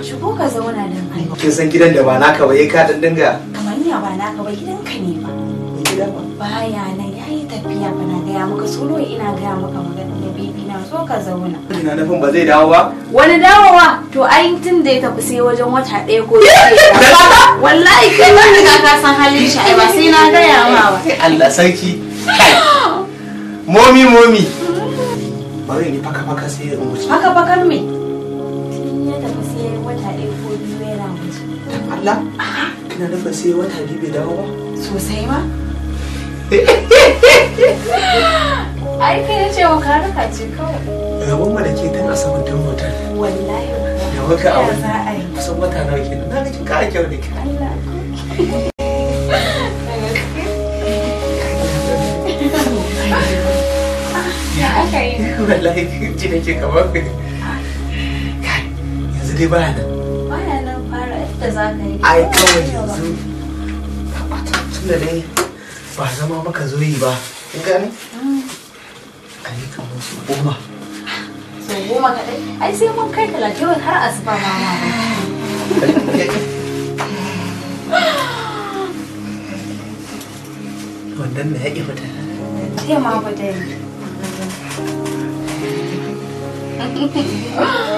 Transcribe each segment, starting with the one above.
Shigo ka zauna don Allah. Kin san gidan da ba naka ba yayi eh, ka dan dinga. Kamar ya ba naka ba gidan ka ne ba. Gida ba. Baya nan yayi tafiya bana gaya maka solo ina gaya maka magana da bibi na so ka zauna. Ina nufin ba zai dawo ba? Wani dawowa? To ai tun da ya tafi sai wajen wata ɗaya ko biyu. Wallahi kai ba ka ka san halin shi ai ba sai na gaya ma ba. Allah sarki. Momi momi. Hmm? Bari ni faka faka sai ya wuce. Faka fakar me? ɗaya Allah, kina dafa sai wata biyu bai dawo ba? Sosai ma. Ai kai ce wa karaka ce kawai. Rabon mana ke tun asabar tun wata. Wallahi. Da waka a wani kusan wata nawa ke na ga kin kara kyau da ke. Allah. Wallahi ji nake kamar ah. yanzu dai ba nan. da za ka yi ai kawai yanzu dai ba zama maka ba in gane a kamar su goma so goma kaɗai ai sai mun kai har asuba ma ma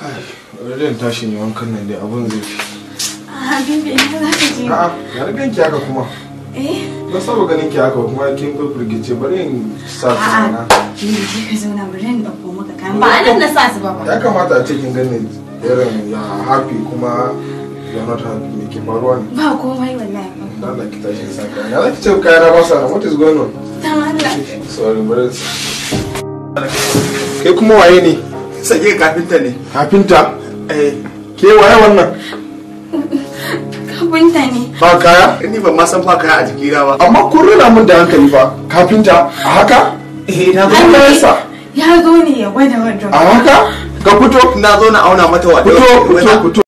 Kai, radiyon tashin wankan nan dai abun zai fi. Habibi, ina za ka je? A'a, ya rigan ki haka kuma. Eh? Na saba ganin ki haka kuma kin fi firgice bari in sa su mana. Ni ne je ka zauna bari in ɗauko maka kayan ba anan na sa su ba ba. Ya kamata a ce kin gane irin ya happy kuma ya not happy me ke faruwa ne. Ba komai wallahi. Allah ki tashi sa kayan. Ya za ki ce kayan na ba sa what is going on? Tamam Allah. Sorry, bari. Kai kuma waye ne? sake kafinta ne kafinta eh ke waye wannan kafinta ne ba kaya eh, ni ban ma san ba kaya a jikina ba amma kun rina min da hankali ba kafinta a haka eh na zo ne ya zo ne ya gwada wardrobe a haka ka fito na zo na auna mata wardrobe fito fito